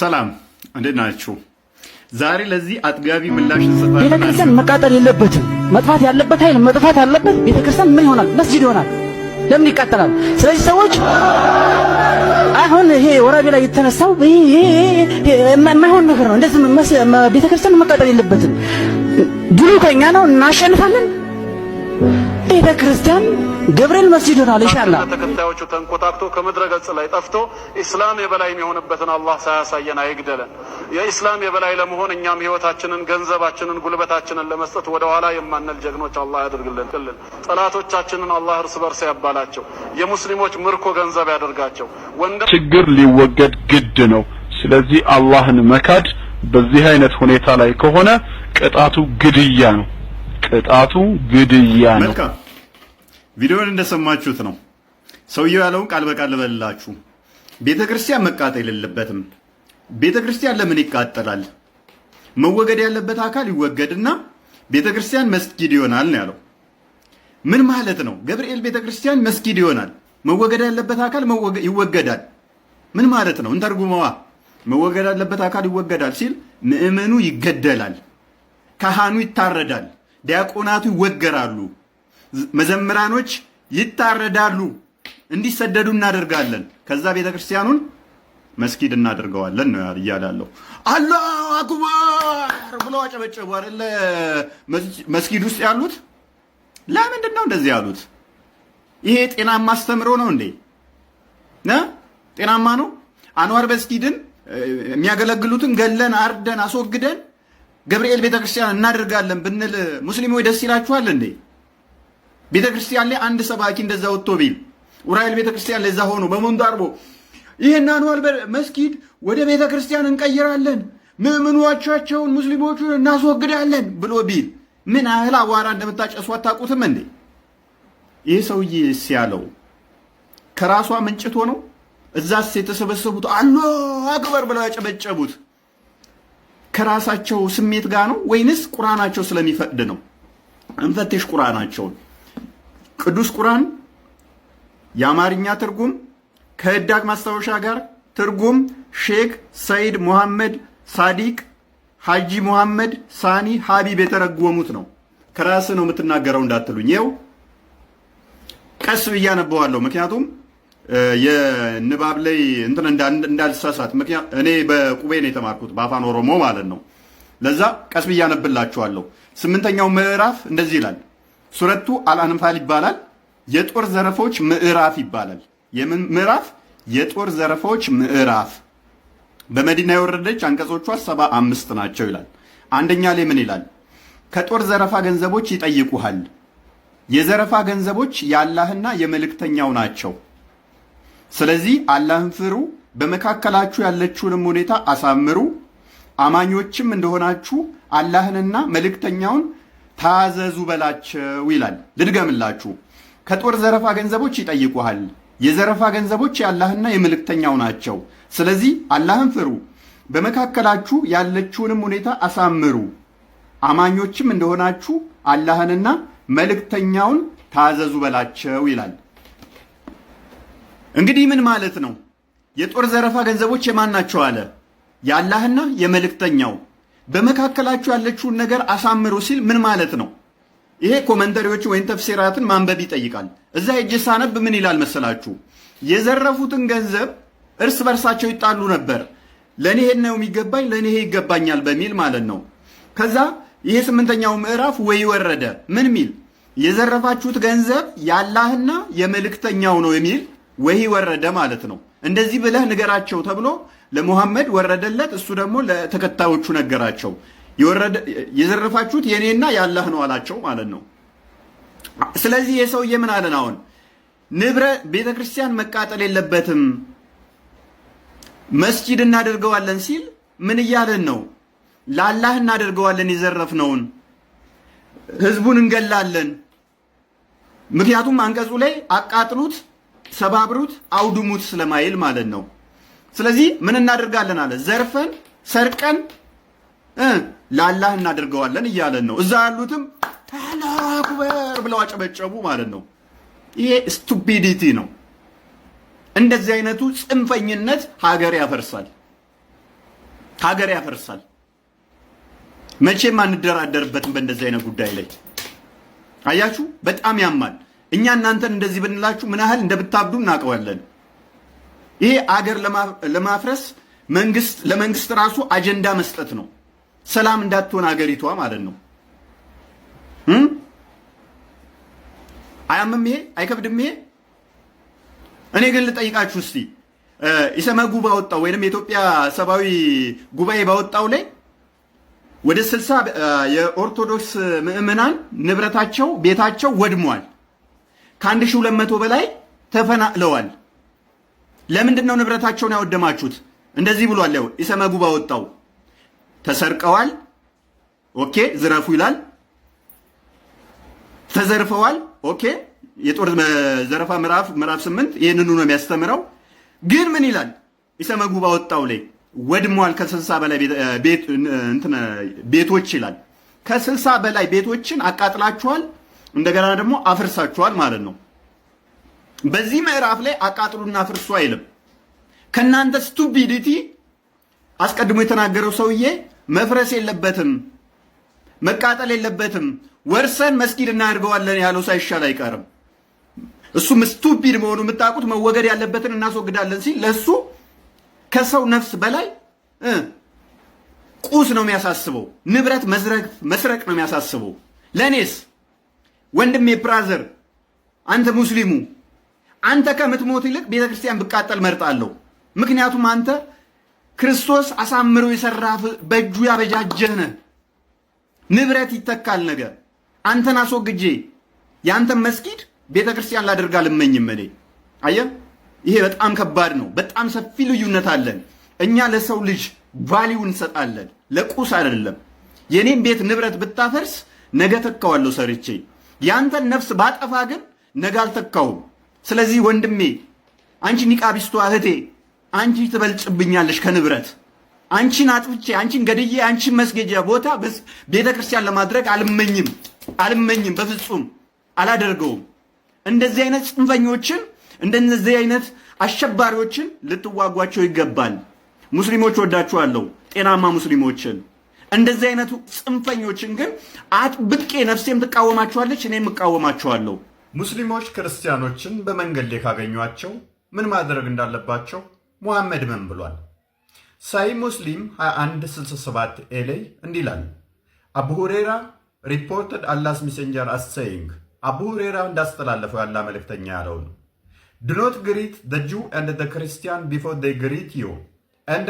ሰላም እንዴት ናችሁ? ዛሬ ለዚህ አጥጋቢ ምላሽ እንሰጣለን። ቤተክርስቲያን መቃጠል የለበትም። መጥፋት ያለበት ኃይል መጥፋት ያለበት ቤተክርስቲያን ምን ይሆናል? መስጂድ ይሆናል። ለምን ይቃጠላል? ስለዚህ ሰዎች አሁን ይሄ ወራቤ ላይ የተነሳው የማይሆን ነገር ነው። እንደዚህ ቤተክርስቲያን መቃጠል የለበትም። ድሉ ከኛ ነው፣ እናሸንፋለን ቤተ ክርስቲያን ገብርኤል መስጂዱን አለ ይሻላ ተከታዮቹ ተንኮታክቶ ከምድረ ገጽ ላይ ጠፍቶ ኢስላም የበላይ የሚሆንበትን አላህ ሳያሳየን አይግደለን። የኢስላም የበላይ ለመሆን እኛም ህይወታችንን፣ ገንዘባችንን፣ ጉልበታችንን ለመስጠት ወደኋላ ኋላ የማንል ጀግኖች አላህ ያደርግልን። ጠላቶቻችንን አላህ እርስ በርስ ያባላቸው፣ የሙስሊሞች ምርኮ ገንዘብ ያደርጋቸው። ወንደ ችግር ሊወገድ ግድ ነው። ስለዚህ አላህን መካድ በዚህ አይነት ሁኔታ ላይ ከሆነ ቅጣቱ ግድያ ነው። ቅጣቱ ግድያ ነው። መልካም ቪዲዮን እንደሰማችሁት ነው። ሰውየው ያለውን ቃል በቃል ልበላችሁ። ቤተ ክርስቲያን መቃጠል የለበትም። ቤተ ክርስቲያን ለምን ይቃጠላል? መወገድ ያለበት አካል ይወገድና ቤተ ክርስቲያን መስጊድ ይሆናል ነው ያለው። ምን ማለት ነው? ገብርኤል ቤተ ክርስቲያን መስጊድ ይሆናል። መወገድ ያለበት አካል ይወገዳል። ምን ማለት ነው? እንተርጉመዋ። መወገድ ያለበት አካል ይወገዳል ሲል ምእመኑ ይገደላል፣ ካህኑ ይታረዳል። ዲያቆናቱ ይወገራሉ፣ መዘምራኖች ይታረዳሉ፣ እንዲሰደዱ እናደርጋለን። ከዛ ቤተ ክርስቲያኑን መስጊድ እናደርገዋለን ነው እያለ ያለው። አላሁ አክበር ብሎ አጨበጨቡ አይደለ? መስጊድ ውስጥ ያሉት ለምንድን ነው እንደዚህ ያሉት? ይሄ ጤናማ አስተምሮ ነው እንዴ? ጤናማ ነው? አንዋር መስጊድን የሚያገለግሉትን ገለን፣ አርደን፣ አስወግደን ገብርኤል ቤተክርስቲያን እናደርጋለን ብንል ሙስሊሞች ደስ ይላችኋል እንዴ? ቤተክርስቲያን ላይ አንድ ሰባኪ እንደዛ ወጥቶ ቢል ዑራኤል ቤተክርስቲያን ለዛ ሆኖ በሞንዶ አርቦ ይህን አንዋል መስጊድ ወደ ቤተክርስቲያን እንቀይራለን፣ ምዕምኖቻቸውን ሙስሊሞቹን እናስወግዳለን ብሎ ቢል ምን ያህል አቧራ እንደምታጨሱ አታውቁትም እንዴ? ይህ ሰውዬ ሲያለው ከራሷ ምንጭት ሆነው እዛስ የተሰበሰቡት አሎ አክበር ብለው ያጨበጨቡት ከራሳቸው ስሜት ጋር ነው ወይንስ ቁርአናቸው ስለሚፈቅድ ነው? እንፈትሽ ቁርአናቸውን። ቅዱስ ቁርአን የአማርኛ ትርጉም ከህዳግ ማስታወሻ ጋር ትርጉም ሼክ ሰይድ ሙሐመድ ሳዲቅ ሐጂ ሙሐመድ ሳኒ ሀቢብ የተረጎሙት ነው። ከራስ ነው የምትናገረው እንዳትሉኝ፣ ይኸው ቀስ ብዬ አነበዋለሁ ምክንያቱም የንባብ ላይ እንትን እንዳልሳሳት ምክንያት እኔ በቁቤ ነው የተማርኩት በአፋን ኦሮሞ ማለት ነው። ለዛ ቀስ ብዬ አነብላችኋለሁ። ስምንተኛው ምዕራፍ እንደዚህ ይላል። ሱረቱ አልአንፋል ይባላል። የጦር ዘረፎች ምዕራፍ ይባላል። የምን ምዕራፍ? የጦር ዘረፎች ምዕራፍ። በመዲና የወረደች አንቀጾቿ ሰባ አምስት ናቸው ይላል። አንደኛ ላይ ምን ይላል? ከጦር ዘረፋ ገንዘቦች ይጠይቁሃል። የዘረፋ ገንዘቦች የአላህና የመልእክተኛው ናቸው ስለዚህ አላህን ፍሩ፣ በመካከላችሁ ያለችውንም ሁኔታ አሳምሩ፣ አማኞችም እንደሆናችሁ አላህንና መልእክተኛውን ታዘዙ በላቸው ይላል። ልድገምላችሁ። ከጦር ዘረፋ ገንዘቦች ይጠይቁሃል። የዘረፋ ገንዘቦች የአላህና የመልእክተኛው ናቸው። ስለዚህ አላህን ፍሩ፣ በመካከላችሁ ያለችውንም ሁኔታ አሳምሩ፣ አማኞችም እንደሆናችሁ አላህንና መልእክተኛውን ታዘዙ በላቸው ይላል። እንግዲህ ምን ማለት ነው? የጦር ዘረፋ ገንዘቦች የማን ናቸው አለ? የአላህና የመልእክተኛው። በመካከላችሁ ያለችውን ነገር አሳምሩ ሲል ምን ማለት ነው? ይሄ ኮመንተሪዎችን ወይም ተፍሲራትን ማንበብ ይጠይቃል። እዛ እጅ ሳነብ ምን ይላል መሰላችሁ? የዘረፉትን ገንዘብ እርስ በርሳቸው ይጣሉ ነበር። ለእኔ ይሄን ነው የሚገባኝ፣ ለእኔ ይሄ ይገባኛል በሚል ማለት ነው። ከዛ ይሄ ስምንተኛው ምዕራፍ ወይ ወረደ ምን ሚል የዘረፋችሁት ገንዘብ ያላህና የመልእክተኛው ነው የሚል ወሂ ወረደ ማለት ነው። እንደዚህ ብለህ ንገራቸው ተብሎ ለሙሐመድ ወረደለት። እሱ ደግሞ ለተከታዮቹ ነገራቸው። የዘረፋችሁት የእኔና ያላህ ነው አላቸው ማለት ነው። ስለዚህ የሰውዬ ምን አለን? አሁን ንብረ ቤተ ክርስቲያን መቃጠል የለበትም መስጂድ እናደርገዋለን ሲል ምን እያለን ነው? ለአላህ እናደርገዋለን የዘረፍነውን ህዝቡን እንገላለን። ምክንያቱም አንቀጹ ላይ አቃጥሉት ሰባብሩት፣ አውድሙት ስለማይል ማለት ነው። ስለዚህ ምን እናደርጋለን አለ ዘርፈን ሰርቀን ላላህ እናደርገዋለን እያለን ነው። እዛ ያሉትም ተላኩበር ብለው አጨበጨቡ ማለት ነው። ይሄ ስቱፒዲቲ ነው። እንደዚህ አይነቱ ጽንፈኝነት ሀገር ያፈርሳል፣ ሀገር ያፈርሳል። መቼም አንደራደርበትም በእንደዚህ አይነት ጉዳይ ላይ አያችሁ፣ በጣም ያማል። እኛ እናንተን እንደዚህ ብንላችሁ ምን ያህል እንደምታብዱ እናውቀዋለን። ይሄ አገር ለማፍረስ መንግስት ለመንግስት ራሱ አጀንዳ መስጠት ነው። ሰላም እንዳትሆን አገሪቷ ማለት ነው። አያምም? ይሄ አይከብድም? ይሄ እኔ ግን ልጠይቃችሁ እስቲ ኢሰመጉ ባወጣው ወይንም የኢትዮጵያ ሰብአዊ ጉባኤ ባወጣው ላይ ወደ ስልሳ የኦርቶዶክስ ምዕመናን ንብረታቸው ቤታቸው ወድሟል። ከአንድ ሺህ ሁለት መቶ በላይ ተፈናቅለዋል። ለምንድን ነው ንብረታቸውን ያወደማችሁት? እንደዚህ ብሏል። ያው ኢሰመጉ ባወጣው ተሰርቀዋል፣ ኦኬ፣ ዝረፉ ይላል። ተዘርፈዋል፣ ኦኬ። የጦር ዘረፋ ምዕራፍ ምዕራፍ ስምንት ይህንኑ ነው የሚያስተምረው። ግን ምን ይላል ኢሰመጉ ባወጣው ላይ ወድመዋል ከስልሳ በላይ ቤቶች ይላል። ከስልሳ በላይ ቤቶችን አቃጥላችኋል እንደገና ደግሞ አፍርሳችኋል ማለት ነው። በዚህ ምዕራፍ ላይ አቃጥሉና አፍርሱ አይልም። ከእናንተ ስቱፒዲቲ አስቀድሞ የተናገረው ሰውዬ መፍረስ የለበትም መቃጠል የለበትም ወርሰን መስጊድ እናድርገዋለን ያለው ሳይሻል አይቀርም። እሱም ስቱፒድ መሆኑ የምታውቁት መወገድ ያለበትን እናስወግዳለን ሲል ለእሱ ከሰው ነፍስ በላይ ቁስ ነው የሚያሳስበው። ንብረት መስረቅ ነው የሚያሳስበው። ለእኔስ ወንድሜ ብራዘር፣ አንተ ሙስሊሙ አንተ ከምትሞት ይልቅ ቤተ ክርስቲያን ብቃጠል መርጣለሁ። ምክንያቱም አንተ ክርስቶስ አሳምሮ የሰራህ በእጁ ያበጃጀህ ነህ። ንብረት ይተካል ነገ። አንተን አስወግጄ የአንተን መስጊድ ቤተ ክርስቲያን ላደርግ አልመኝም እኔ። አየህ፣ ይሄ በጣም ከባድ ነው። በጣም ሰፊ ልዩነት አለን። እኛ ለሰው ልጅ ቫሊው እንሰጣለን፣ ለቁስ አይደለም። የኔም ቤት ንብረት ብታፈርስ ነገ ተካዋለሁ ሰርቼ ያንተን ነፍስ ባጠፋ ግን ነገ አልተካውም። ስለዚህ ወንድሜ፣ አንቺ ኒቃቢስቱ እህቴ፣ አንቺ ትበልጭብኛለሽ ከንብረት አንቺን አጥፍቼ አንቺን ገድዬ አንቺን መስገጃ ቦታ ቤተ ክርስቲያን ለማድረግ አልመኝም አልመኝም፣ በፍጹም አላደርገውም። እንደዚህ አይነት ጽንፈኞችን እንደነዚህ አይነት አሸባሪዎችን ልትዋጓቸው ይገባል። ሙስሊሞች ወዳችኋለሁ፣ ጤናማ ሙስሊሞችን እንደዚህ አይነቱ ጽንፈኞችን ግን አጥብቄ ነፍሴም ትቃወማቸዋለች፣ እኔም እቃወማቸዋለሁ። ሙስሊሞች ክርስቲያኖችን በመንገድ ላይ ካገኟቸው ምን ማድረግ እንዳለባቸው ሙሐመድ ምን ብሏል? ሳይ ሙስሊም 2167 ኤ ላይ እንዲህ ይላል። አቡ ሁሬራ ሪፖርተድ አላስ ሜሴንጀር አስ አቡ ሁሬራ እንዳስተላለፈው ያላ መልእክተኛ ያለው ነው። ድኖት ግሪት ዘ ጁ ኤንድ ክርስቲያን ቢፎር ግሪት ዩ ኤንድ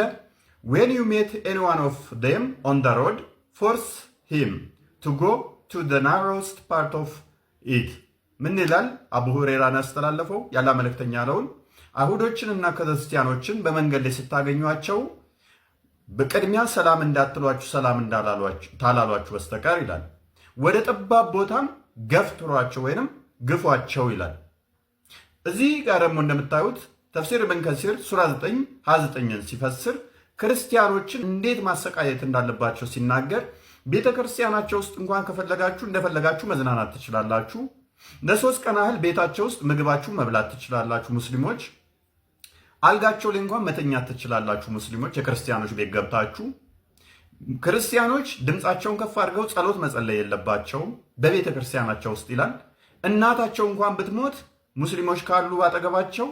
ዌን ዩ ሜት ኤኒዋን ኦፍ ዜም ኦን ዘ ሮድ ፎርስ ሂም ቱ ጎ ቱ ዘ ናሮስት ፓርት ኦፍ ኢት ምን ይላል? አቡ ሁሬራን ያስተላለፈው ያለ መልእክተኛ ያለውን አይሁዶችንና ክርስቲያኖችን በመንገድ ላይ ስታገኟቸው በቅድሚያ ሰላም እንዳትሏችሁ ሰላም ታላሏችሁ በስተቀር ይላል። ወደ ጠባብ ቦታም ገፍትሯቸው ወይንም ግፏቸው ይላል። እዚህ ጋር ደግሞ እንደምታዩት ተፍሲር ብን ከሲር ሱራ 9 29ን ሲፈስር ክርስቲያኖችን እንዴት ማሰቃየት እንዳለባቸው ሲናገር ቤተ ክርስቲያናቸው ውስጥ እንኳን ከፈለጋችሁ እንደፈለጋችሁ መዝናናት ትችላላችሁ። ለሶስት ቀን ያህል ቤታቸው ውስጥ ምግባችሁ መብላት ትችላላችሁ ሙስሊሞች። አልጋቸው ላይ እንኳን መተኛት ትችላላችሁ ሙስሊሞች። የክርስቲያኖች ቤት ገብታችሁ ክርስቲያኖች ድምፃቸውን ከፍ አድርገው ጸሎት መጸለይ የለባቸውም በቤተ ክርስቲያናቸው ውስጥ ይላል። እናታቸው እንኳን ብትሞት ሙስሊሞች ካሉ አጠገባቸው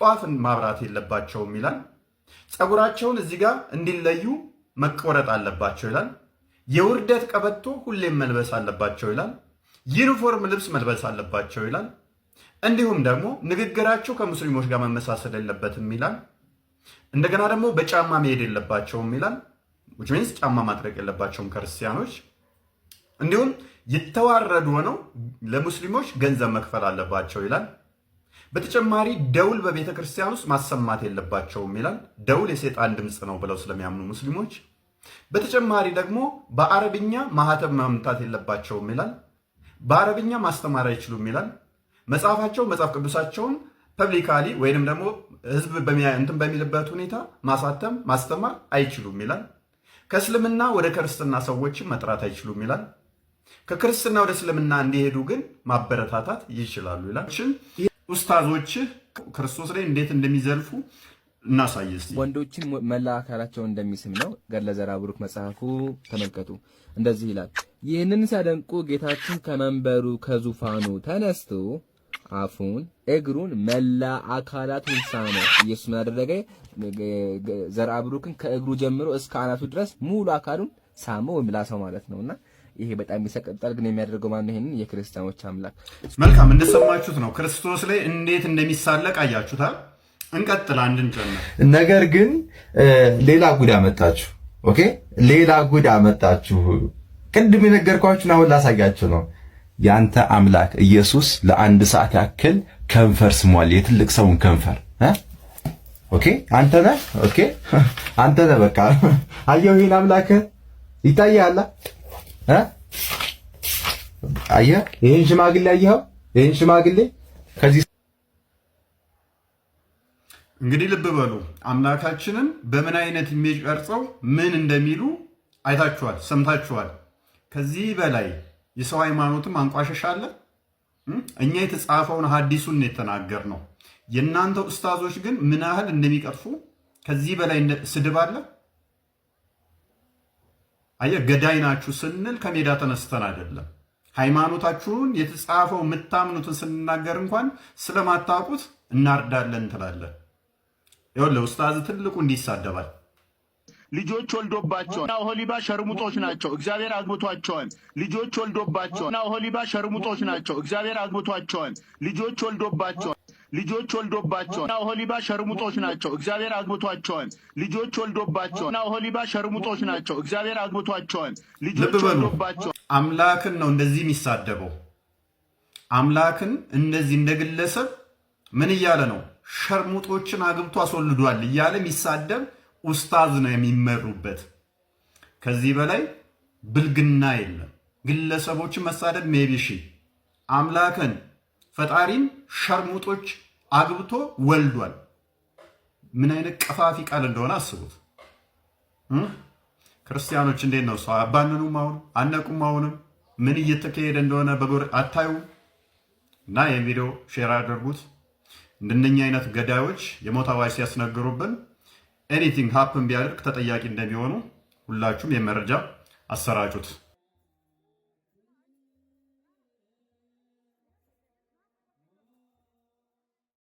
ጧፍን ማብራት የለባቸውም ይላል። ፀጉራቸውን እዚህ ጋር እንዲለዩ መቆረጥ አለባቸው ይላል። የውርደት ቀበቶ ሁሌም መልበስ አለባቸው ይላል። ዩኒፎርም ልብስ መልበስ አለባቸው ይላል። እንዲሁም ደግሞ ንግግራቸው ከሙስሊሞች ጋር መመሳሰል የለበትም ይላል። እንደገና ደግሞ በጫማ መሄድ የለባቸውም ይላል። ዊችሚንስ ጫማ ማጥረቅ የለባቸውም ክርስቲያኖች። እንዲሁም ይተዋረዱ ሆነው ለሙስሊሞች ገንዘብ መክፈል አለባቸው ይላል። በተጨማሪ ደውል በቤተ ክርስቲያን ውስጥ ማሰማት የለባቸውም ይላል። ደውል የሴጣን ድምፅ ነው ብለው ስለሚያምኑ ሙስሊሞች በተጨማሪ ደግሞ በአረብኛ ማህተብ ማምታት የለባቸውም ይላል። በአረብኛ ማስተማር አይችሉም ይላል። መጽሐፋቸው መጽሐፍ ቅዱሳቸውን ፐብሊካሊ ወይንም ደግሞ ህዝብ እንትን በሚልበት ሁኔታ ማሳተም ማስተማር አይችሉም ይላል። ከእስልምና ወደ ክርስትና ሰዎችን መጥራት አይችሉም ይላል። ከክርስትና ወደ እስልምና እንዲሄዱ ግን ማበረታታት ይችላሉ ይላል። ኡስታዞች ክርስቶስ ላይ እንዴት እንደሚዘልፉ እናሳይ እስኪ። ወንዶችን መላ አካላቸው እንደሚስም ነው። ገድለ ብሩክ መጽሐፉ ተመልከቱ። እንደዚህ ይላል። ይህንን ሲያደንቁ ጌታችን ከመንበሩ ከዙፋኑ ተነስቶ አፉን እግሩን መላ አካላቱን ሳመ። ኢየሱስ ምን አደረገ? ብሩክን ከእግሩ ጀምሮ እስከ አናቱ ድረስ ሙሉ አካሉን ሳመ፣ ወይም ላሰው ማለት ነውና ይሄ በጣም ይሰቀጣል። ግን የሚያደርገው ማነው? ይህንን የክርስቲያኖች አምላክ። መልካም እንደሰማችሁት ነው። ክርስቶስ ላይ እንዴት እንደሚሳለቅ አያችሁታል። እንቀጥል። አንድን ነገር ግን ሌላ ጉድ አመጣችሁ። ኦኬ፣ ሌላ ጉድ አመጣችሁ። ቅድም የነገርኳችሁን አሁን ላሳያችሁ ነው። ያንተ አምላክ ኢየሱስ ለአንድ ሰዓት ያክል ከንፈር ስሟል፣ የትልቅ ሰውን ከንፈር። ኦኬ፣ አንተ ነህ። ኦኬ፣ አንተ ነህ። በቃ አየሁ፣ ይሄን አምላክ ይታያላ አየህ ይህን ሽማግሌ አየኸው? ይህን ሽማግሌ ከዚህ እንግዲህ ልብ በሉ አምላካችንን በምን አይነት የሚቀርጸው ምን እንደሚሉ አይታችኋል፣ ሰምታችኋል። ከዚህ በላይ የሰው ሃይማኖትም አንቋሸሻ አለ። እኛ የተጻፈውን ሀዲሱን የተናገር ነው። የእናንተ ኡስታዞች ግን ምን ያህል እንደሚቀርፉ ከዚህ በላይ ስድብ አለ። አየ ገዳይ ናችሁ ስንል ከሜዳ ተነስተን አይደለም። ሃይማኖታችሁን የተጻፈው የምታምኑትን ስንናገር እንኳን ስለማታውቁት እናርዳለን እንትላለን። ይሁን ለኡስታዝ ትልቁ እንዲሳደባል ልጆች ወልዶባቸዋል እና ኦሆሊባ ሸርሙጦች ናቸው፣ እግዚአብሔር አግብቷቸዋል። ልጆች ወልዶባቸዋል እና ኦሆሊባ ሸርሙጦች ናቸው፣ እግዚአብሔር አግብቷቸዋል። ልጆች ወልዶባቸዋል ልጆች ወልዶባቸዋል እና ኦሆሊባ ሸርሙጦች ናቸው። እግዚአብሔር አግብቷቸዋል። ልጆች ወልዶባቸዋል እና ኦሆሊባ ሸርሙጦች ናቸው። እግዚአብሔር አግብቷቸዋል። ልጆች ወልዶባቸዋል። አምላክን ነው እንደዚህ የሚሳደበው። አምላክን እንደዚህ እንደ ግለሰብ ምን እያለ ነው? ሸርሙጦችን አግብቶ አስወልዷል እያለ የሚሳደብ ኡስታዝ ነው የሚመሩበት። ከዚህ በላይ ብልግና የለም። ግለሰቦችን መሳደብ ሜቢሺ አምላክን ፈጣሪም ሸርሙጦች አግብቶ ወልዷል። ምን አይነት ቀፋፊ ቃል እንደሆነ አስቡት። ክርስቲያኖች እንዴት ነው ሰው አባንኑም፣ አሁን አነቁም፣ አሁንም ምን እየተካሄደ እንደሆነ በጎር አታዩ? እና ይህ ቪዲዮ ሼር አድርጉት። እንደነኛ አይነት ገዳዮች የሞት አዋጅ ሲያስነግሩብን ኤኒቲንግ ሀፕን ቢያደርግ ተጠያቂ እንደሚሆኑ ሁላችሁም የመረጃ አሰራጩት።